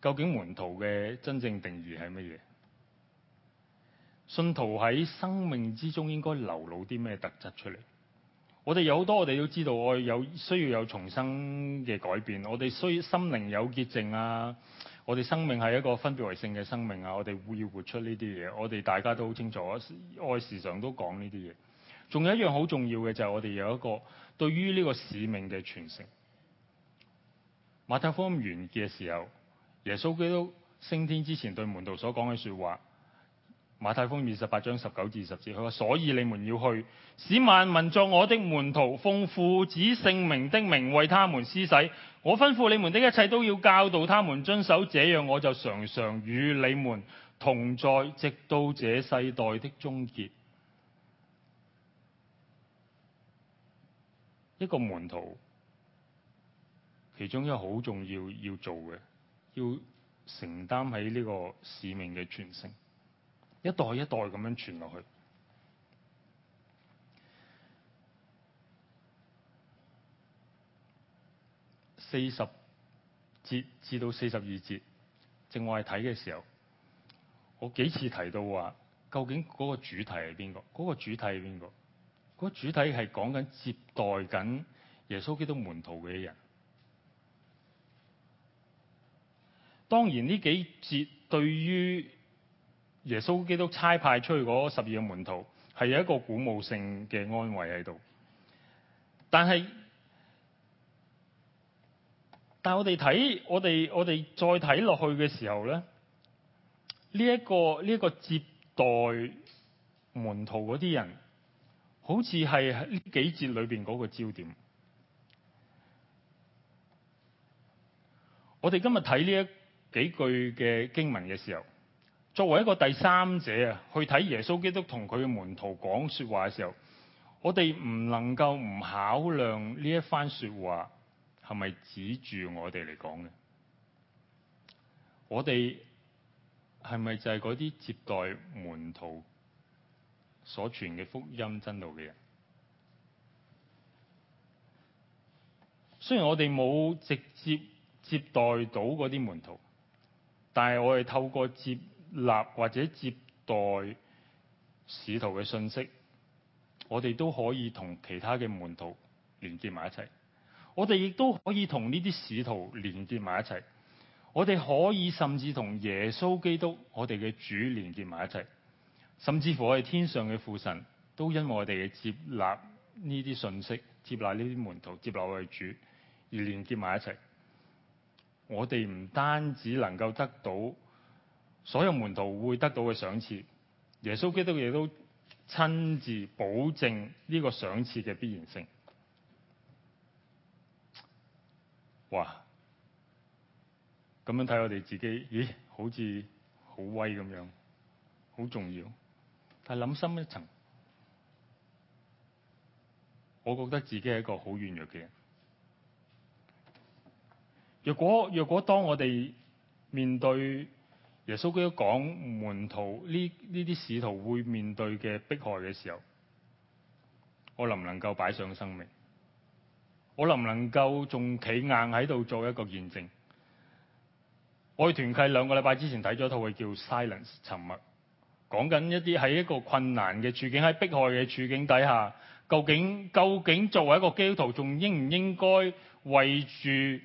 究竟門徒嘅真正定義係乜嘢？信徒喺生命之中應該流露啲咩特質出嚟？我哋有好多，我哋都知道，我哋有需要有重生嘅改變，我哋需心靈有潔淨啊，我哋生命係一個分別為聖嘅生命啊，我哋要活出呢啲嘢，我哋大家都好清楚啊，我時常都講呢啲嘢。仲有一樣好重要嘅就係我哋有一個對於呢個使命嘅傳承。馬太福音完結嘅時候，耶穌基督升天之前對門徒所講嘅說話。馬太福音二十八章十九至二十節。佢話：所以你們要去，使萬民作我的門徒，奉父子聖名的名為他們施洗。我吩咐你們的一切都要教導他們遵守，這樣我就常常與你們同在，直到這世代的終結。一個門徒，其中一個好重要要做嘅，要承擔起呢個使命嘅傳承。一代一代咁樣傳落去。四十節至到四十二節，正我睇嘅時候，我幾次提到話，究竟嗰個主題係邊個？嗰個主題係邊個？嗰個主題係講緊接待緊耶穌基督門徒嘅人。當然呢幾節對於耶穌基督差派出去十二個門徒，係有一個鼓舞性嘅安慰喺度。但係，但我哋睇我哋我哋再睇落去嘅時候咧，呢一個呢一個接待門徒啲人，好似係呢幾節裏邊個焦點。我哋今日睇呢一幾句嘅經文嘅時候。作為一個第三者啊，去睇耶穌基督同佢嘅門徒講說話嘅時候，我哋唔能夠唔考量呢一番說話係咪指住我哋嚟講嘅？我哋係咪就係嗰啲接待門徒所傳嘅福音真道嘅人？雖然我哋冇直接接待到嗰啲門徒，但係我哋透過接。立或者接待使徒嘅信息，我哋都可以同其他嘅門徒連接埋一齊。我哋亦都可以同呢啲使徒連接埋一齊。我哋可以甚至同耶穌基督我哋嘅主連接埋一齊。甚至乎我哋天上嘅父神都因為我哋嘅接納呢啲信息，接納呢啲門徒，接納我哋嘅主而連接埋一齊。我哋唔單止能夠得到。所有門徒會得到嘅賞賜，耶穌基督亦都親自保證呢個賞賜嘅必然性。哇！咁樣睇我哋自己，咦？好似好威咁樣，好重要。但係諗深一層，我覺得自己係一個好軟弱嘅人。若果若果當我哋面對……耶穌基督講門徒呢呢啲使徒會面對嘅迫害嘅時候，我能唔能夠擺上生命？我能唔能夠仲企硬喺度做一個見證？我哋團契兩個禮拜之前睇咗一套嘅叫《Silence 沉默》，講緊一啲喺一個困難嘅處境、喺迫害嘅處境底下，究竟究竟作為一個基督徒仲應唔應該為住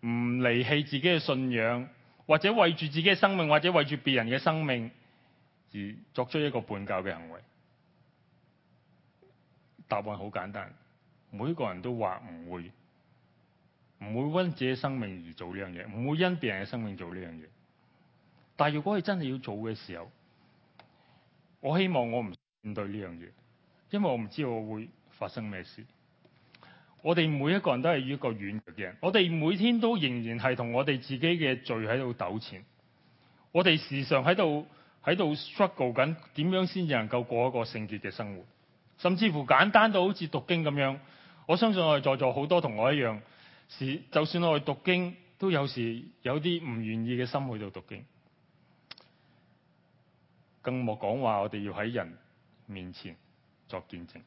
唔離棄自己嘅信仰？或者為住自己嘅生命，或者為住別人嘅生命而作出一個叛教嘅行為。答案好簡單，每個人都話唔會，唔會為自己生命而做呢樣嘢，唔會因別人嘅生命做呢樣嘢。但係如果佢真係要做嘅時候，我希望我唔面對呢樣嘢，因為我唔知道我會發生咩事。我哋每一個人都係一個軟弱嘅人，我哋每天都仍然係同我哋自己嘅罪喺度糾纏，我哋時常喺度喺度 struggle 緊點樣先至能夠過一個聖潔嘅生活，甚至乎簡單到好似讀經咁樣。我相信我哋在座好多同我一樣，就算我哋讀經都有時有啲唔願意嘅心去到讀經，更莫講話我哋要喺人面前作見證。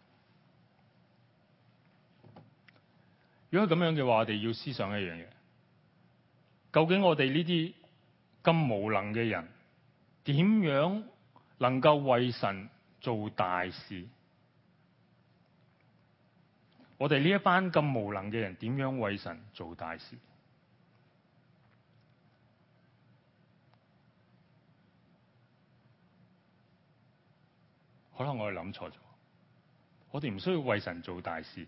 如果咁樣嘅話，我哋要思想一樣嘢：究竟我哋呢啲咁無能嘅人，點樣能夠為神做大事？我哋呢一班咁無能嘅人，點樣為神做大事？可能我哋諗錯咗，我哋唔需要為神做大事。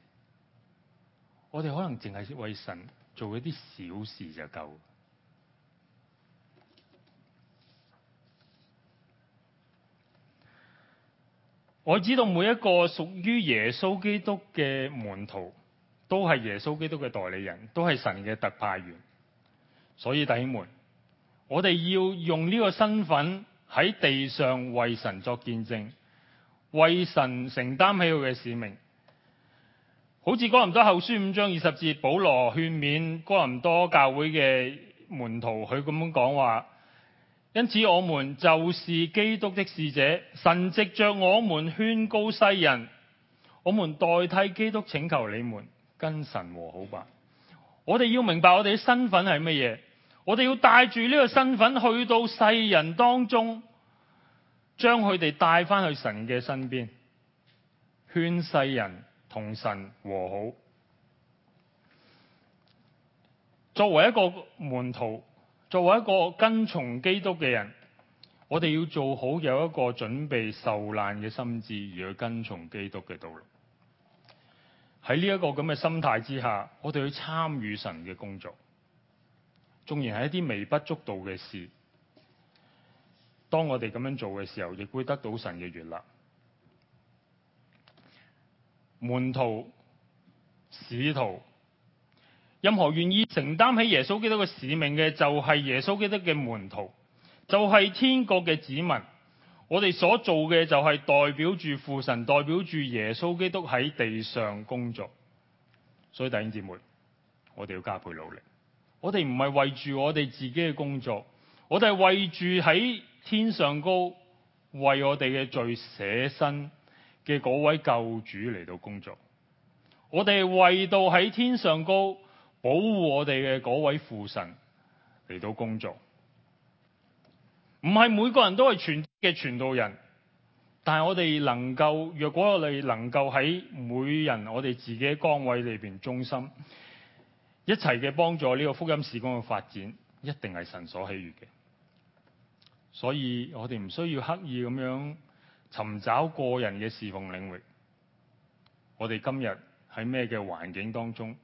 我哋可能淨係為神做一啲小事就夠。我知道每一個屬於耶穌基督嘅門徒，都係耶穌基督嘅代理人，都係神嘅特派員。所以弟兄們，我哋要用呢個身份喺地上為神作見證，為神承擔起佢嘅使命。好似哥林多後書五章二十節，保羅勸勉哥林多教會嘅門徒，佢咁樣講話：因此我們就是基督的使者，神藉着我們勸告世人，我們代替基督請求你們跟神和好吧。我哋要明白我哋嘅身份係乜嘢，我哋要帶住呢個身份去到世人當中，將佢哋帶翻去神嘅身邊，勸世人，同神和好，作為一個門徒，作為一個跟從基督嘅人，我哋要做好有一個準備受難嘅心智，而去跟從基督嘅道路。喺呢一個咁嘅心態之下，我哋去參與神嘅工作，縱然係一啲微不足道嘅事，當我哋咁樣做嘅時候，亦會得到神嘅悅納。門徒、使徒，任何願意承擔起耶穌基督嘅使命嘅，就係耶穌基督嘅門徒，就係天國嘅子民。我哋所做嘅就係代表住父神，代表住耶穌基督喺地上工作。所以弟兄姊妹，我哋要加倍努力。我哋唔係為住我哋自己嘅工作，我哋係為住喺天上高為我哋嘅罪捨身嘅嗰位救主嚟到工作，我哋為到喺天上高保護我哋嘅嗰位父神嚟到工作。唔係每個人都係全職嘅傳道人，但係我哋能夠，若果我哋能夠喺每人我哋自己嘅崗位裏邊忠心一齊嘅幫助呢個福音事工嘅發展，一定係神所喜悅嘅。所以我哋唔需要刻意咁樣。尋找個人嘅侍奉領域。我哋今日喺咩嘅環境當中，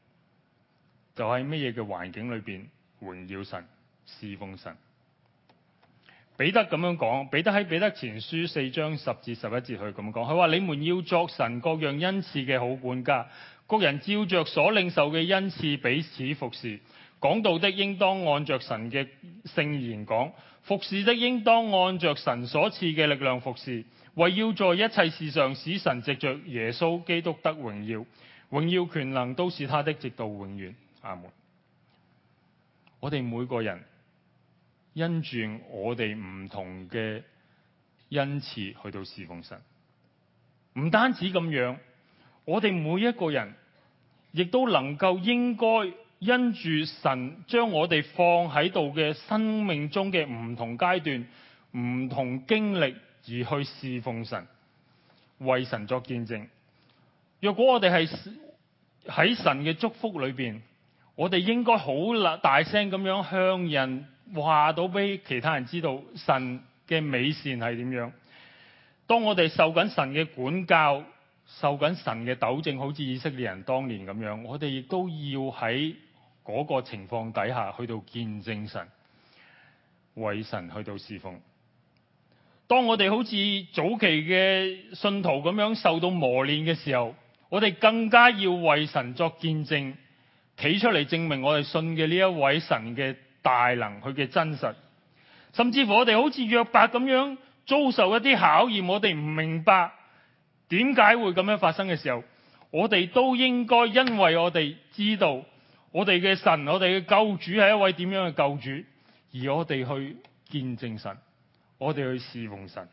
就喺咩嘢嘅環境裏面？「榮耀神、侍奉神。彼得咁樣講，彼得喺彼得前書四章十至十一節去咁講，佢話：你們要作神各樣恩賜嘅好管家，各人照着所領受嘅恩賜彼此服侍。講道的應當按着神嘅聖言講，服侍的應當按着神所賜嘅力量服侍。」為要在一切事上使神藉着耶穌基督得榮耀，榮耀權能都是他的，直到永遠。阿門。我哋每個人因住我哋唔同嘅恩賜去到侍奉神，唔單止咁樣，我哋每一個人亦都能夠應該因住神將我哋放喺度嘅生命中嘅唔同階段、唔同經歷。而去侍奉神，為神作見證。若果我哋係喺神嘅祝福裏邊，我哋應該好大聲咁樣向人話到俾其他人知道神嘅美善係點樣。當我哋受緊神嘅管教，受緊神嘅糾正，好似以色列人當年咁樣，我哋亦都要喺個情況底下去到見證神，為神去到侍奉。當我哋好似早期嘅信徒咁樣受到磨練嘅時候，我哋更加要為神作見證，企出嚟，證明我哋信嘅呢一位神嘅大能、佢嘅真實。甚至乎我哋好似約伯咁樣遭受一啲考驗，我哋唔明白點解會咁樣發生嘅時候，我哋都應該因為我哋知道我哋嘅神、我哋嘅救主係一位點樣嘅救主，而我哋去見證神。我哋去侍奉神，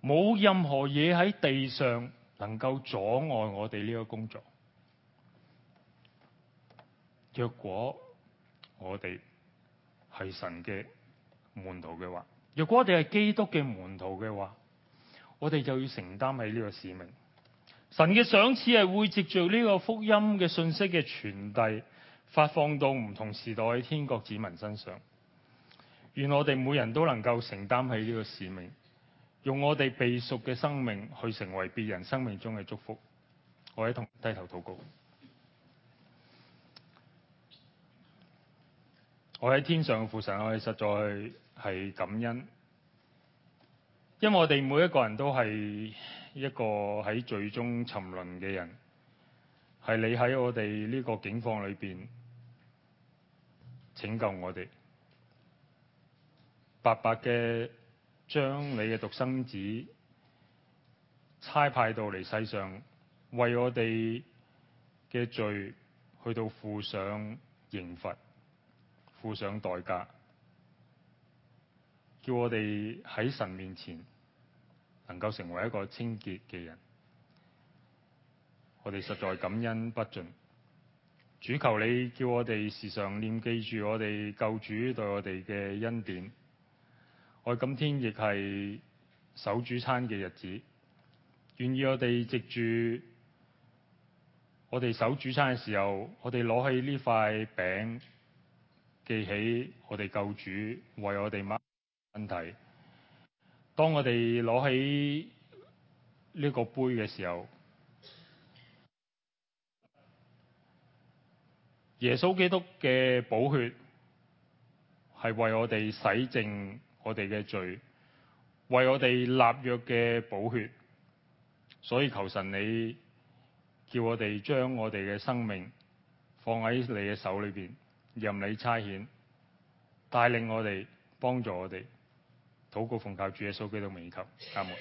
冇任何嘢喺地上能夠阻礙我哋呢個工作。若果我哋係神嘅門徒嘅話，若果我哋係基督嘅門徒嘅話，我哋就要承擔起呢個使命。神嘅賞賜係會藉着呢個福音嘅信息嘅傳遞，發放到唔同時代天國子民身上。願我哋每人都能夠承擔起呢個使命，用我哋被贖嘅生命去成為別人生命中嘅祝福。我喺同低頭禱告，我喺天上嘅父神，我哋實在係感恩，因為我哋每一個人都係一個喺最終沉淪嘅人，係你喺我哋呢個境況裏邊拯救我哋。白白嘅將你嘅獨生子差派到嚟世上，為我哋嘅罪去到付上刑罰、付上代價，叫我哋喺神面前能夠成為一個清潔嘅人。我哋實在感恩不盡，主，求你叫我哋時常念記住我哋救主對我哋嘅恩典。我今天亦係守主餐嘅日子，願意我哋藉住我哋守主餐嘅時候，我哋攞起呢塊餅，記起我哋救主為我哋擘身體。當我哋攞起呢個杯嘅時候，耶穌基督嘅寶血係為我哋洗淨我哋嘅罪，為我哋立約嘅補血，所以求神你叫我哋將我哋嘅生命放喺你嘅手裏邊，任你差遣，帶領我哋，幫助我哋，禱告奉靠主耶穌基督名求，阿門。